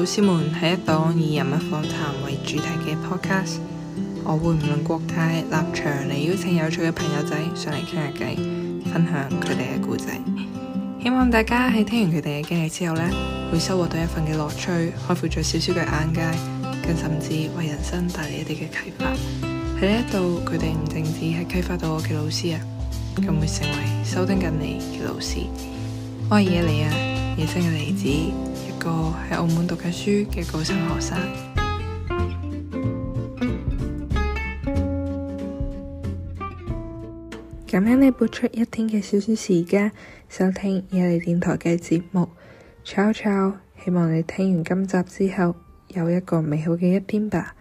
老師們係一檔以人物訪談為主題嘅 podcast，我會唔論國泰立場嚟，邀請有趣嘅朋友仔上嚟傾下偈，分享佢哋嘅故仔。希望大家喺聽完佢哋嘅經歷之後呢，會收穫到一份嘅樂趣，開闊咗少少嘅眼界，更甚至為人生帶嚟一啲嘅啟發。喺呢一度，佢哋唔淨止係啟發到我嘅老師啊，更會成為收聽緊你嘅老師。我係野梨啊，野生嘅梨子。一個喺澳門讀書的高三學生，感恩你撥出一天的少少時間收聽野梨電台的節目，吵一吵，希望你聽完今集之後有一個美好的一天吧。